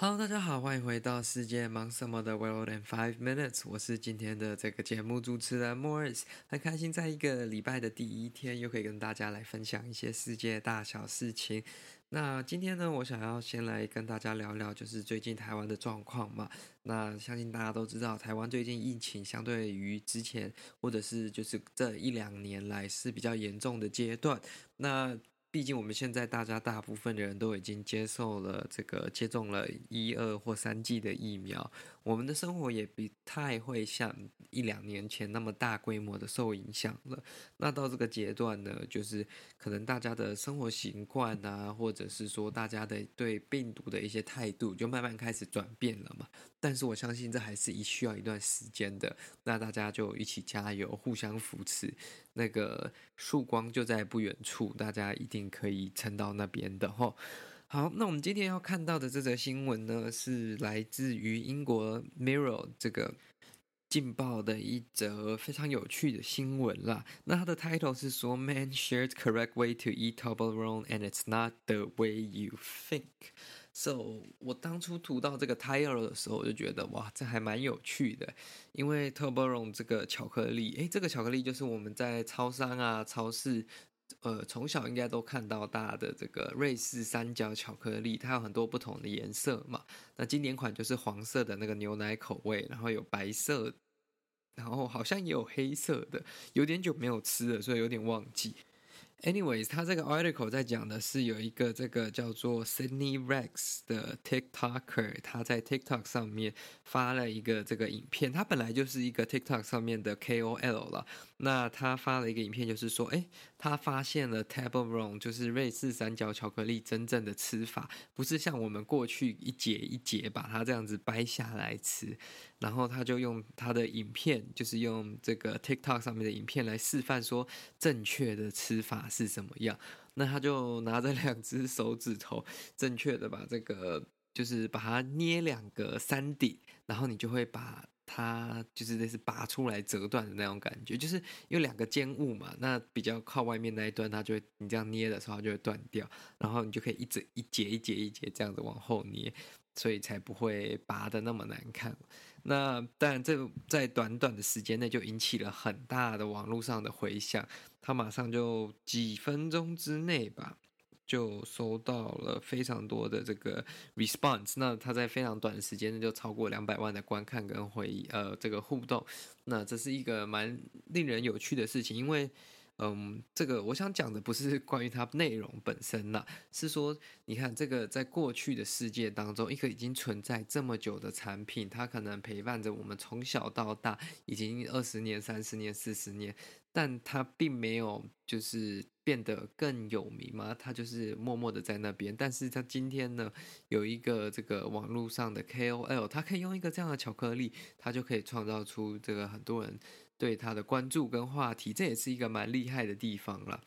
Hello，大家好，歡迎回到世界忙什麼的 world in five minutes。我是今天的這個節目主持人莫爾斯，很開心在一個禮拜的第一天又可以跟大家來分享一些世界大小事情。那今天呢，我想要先來跟大家聊聊，就是最近台灣的狀況嘛。那相信大家都知道，台灣最近疫情相對於之前或者是就是這一兩年來是比較嚴重的階段。那畢竟我們現在大家大部分的人都已經接受了這個接種了一二或三劑的疫苗，我們的生活也不太會像一兩年前那麼大規模的受影響了。那到這個階段呢，就是可能大家的生活習慣啊，或者是說大家的對病毒的一些態度，就慢慢開始轉變了嘛。但是我相信這還是一需要一段時間的。那大家就一起加油，互相扶持，那個曙光就在不遠處，大家一定。可以撐到那邊的吼。好，那我們今天要看到的這則新聞呢，是來自於英國《Mirror》這個勁爆的一則非常有趣的新聞啦。那它的 title 是說：“Man shared the correct way to eat Toblerone and it's not the way you think。” So 我當初讀到這個 title 的時候，我就覺得哇，這還蠻有趣的。因為 Toblerone 這個巧克力，哎、欸，這個巧克力就是我們在超商啊、超市。呃，從小應該都看到大的這個瑞士三角巧克力，它有很多不同的顏色嘛。那經典款就是黃色的那個牛奶口味，然後有白色，然後好像也有黑色的。有點久沒有吃了，所以有點忘記。Anyways，他這個 article 在講的是有一個這個叫做 Sydney Rex 的 TikToker，他在 TikTok 上面發了一個這個影片。他本來就是一個 TikTok 上面的 KOL 了。那他發了一個影片，就是說，哎，他發現了 Toblerone，就是瑞士三角巧克力真正的吃法，不是像我們過去一節一節把它這樣子掰下來吃。然後他就用他的影片，就是用這個 TikTok 上面的影片來示範說正確的吃法是怎麼樣。那他就拿着兩只手指頭，正確的把這個就是把它捏兩個三底，然後你就會把它就是類似拔出來折斷的那種感覺，就是有兩個尖物嘛。那比較靠外面那一端，它就會你這樣捏的時候，它就會斷掉。然後你就可以一直一截、一截、一截這樣子往後捏，所以才不會拔得那麼難看。那但這在短短的時間內就引起了很大的網絡上的回響。他馬上就幾分鐘之內吧，就收到了非常多的這個 response。那他在非常短的時間就超過兩百萬的觀看跟回呃這個互動。那這是一個蠻令人有趣的事情，因為。嗯，這個我想講的不是關於它內容本身吶、啊，是說，你看這個在過去的世界當中，一個已經存在這麼久的產品，它可能陪伴着我們從小到大，已經二十年、三十年、四十年，但它並沒有就是變得更有名嘛，它就是默默的在那邊。但是它今天呢，有一個這個網絡上的 KOL，它可以用一個這樣的巧克力，它就可以創造出這個很多人。對他的關注跟話題，這也是一個蠻厲害的地方了。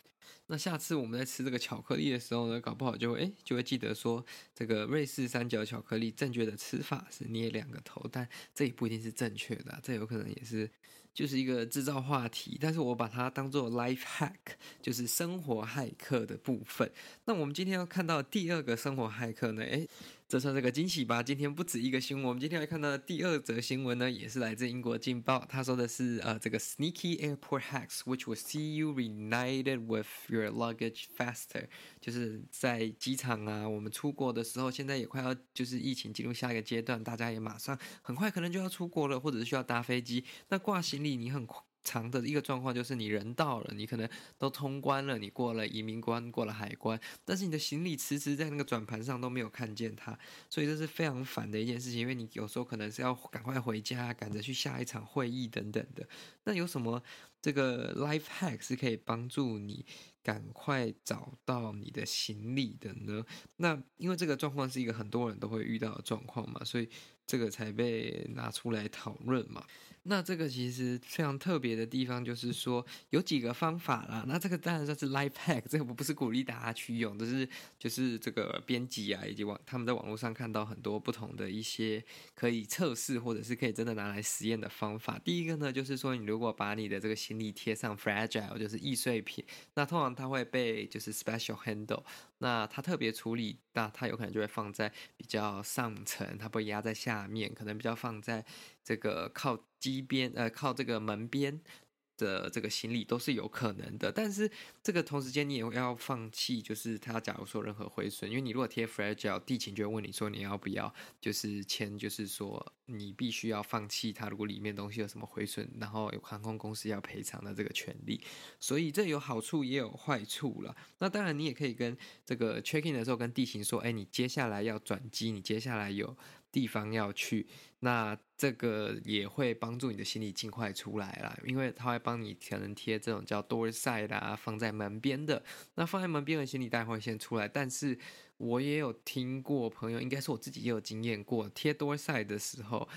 那下次我們在吃這個巧克力的時候呢，搞不好就會哎，就會記得說這個瑞士三角巧克力正確的吃法是捏兩個頭，但這也不一定是正確的，這有可能也是就是一個製造話題。但是我把它當做 life hack，就是生活駭客的部分。那我們今天要看到的第二個生活駭客呢，誒這算是個驚喜吧。今天不止一個新聞，我們今天來看到的第二則新聞呢，也是來自英國《鏡報》。他說的是，呃，這個 sneaky airport hacks, which will see you reunited with your luggage faster，就是在機場啊，我們出國的時候，現在也快要就是疫情進入下一個階段，大家也馬上很快可能就要出國了，或者是需要搭飛機，那掛行李你很快。常的一個狀況就是，你人到了，你可能都通關了，你過了移民關，過了海關，但是你的行李遲遲在那個轉盤上都沒有看見它，所以這是非常煩的一件事情。因為你有時候可能是要趕快回家，趕着去下一場會議等等的。那有什麼這個 life hack 是可以幫助你，趕快找到你的行李的呢？那因為這個狀況是一個很多人都會遇到的狀況嘛，所以這個才被拿出來討論嘛。那這個其實非常特別的地方就是說，有幾個方法啦。那這個當然算是 life hack，這個我不是鼓勵大家去用，就是就是這個編輯啊，以及網他們在網絡上看到很多不同的一些可以測試或者是可以真的拿來實驗的方法。第一個呢，就是說你如果把你的這個行李貼上 fragile，就是易碎品，那通常。它會被就是 special handle，那它特別處理，那它有可能就會放在比較上層，它不會壓在下面，可能比較放在這個靠機邊，呃，靠這個門邊。的這個行李都是有可能的，但是這個同時間你也要放棄，就是他假如說任何毀損，因為你如果貼 fragile, 地勤就會問你說你要不要，就是簽，就是說你必須要放棄他，如果裡面東西有什麼毀損，然後有航空公司要賠償的這個權利，所以這有好處也有壞處了。那當然你也可以跟這個 check in 的時候跟地勤說，哎，你接下來要轉機，你接下來有。地方要去，那這個也會幫助你的行李盡快出來啦，因為它會幫你可能貼這種叫 door side 啊，放在門邊的，那放在門邊的行李袋會先出來。但是我也有聽過朋友，應該是我自己也有經驗過，貼 door side 的時候。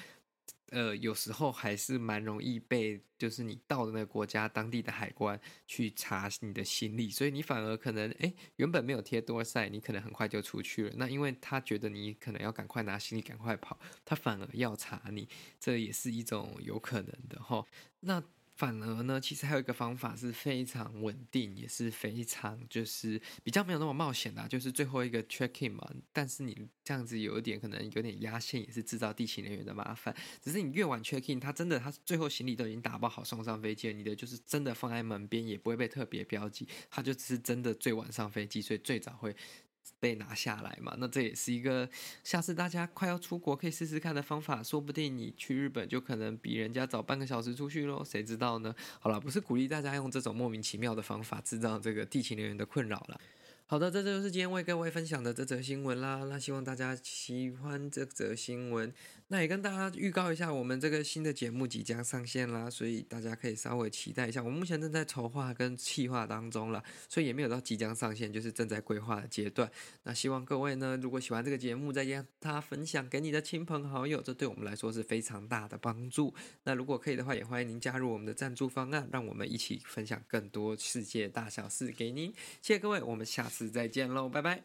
呃，有時候還是蠻容易被，就是你到的那個國家當地的海關去查你的行李，所以你反而可能，哎，原本沒有貼多塞，你可能很快就出去了。那因為他覺得你可能要趕快拿行李趕快跑，他反而要查你，這也是一種有可能的齁。那。反而呢，其實還有一個方法是非常穩定，也是非常就是比較沒有那麼冒險的，啊，就是最後一個 check in 嘛。但是你這樣子有一點可能有點壓線，也是製造地勤人員的麻煩。只是你越晚 check in，他真的他最後行李都已經打包好送上飛機了，你的，就是真的放在門邊，也不會被特別標記，他就只是真的最晚上飛機，所以最早會。被拿下來嘛，那這也是一個下次大家快要出國可以試試看的方法，說不定你去日本就可能比人家早半個小時出去嘍，誰知道呢？好了，不是鼓勵大家用這種莫名其妙的方法制造這個地勤人員的困擾了。好的，這就是今天為各位分享的這則新聞啦。那希望大家喜歡這則新聞，那也跟大家預告一下，我們這個新的節目即將上線啦，所以大家可以稍微期待一下。我目前正在籌劃跟企劃當中了，所以也沒有到即將上線，就是正在規劃的階段。那希望各位呢，如果喜歡這個節目，再將它分享給你的親朋好友，這對我們來說是非常大的幫助。那如果可以的話，也歡迎您加入我們的贊助方案，讓我們一起分享更多世界大小事給您。謝謝各位，我們下次。再見嘍，拜拜。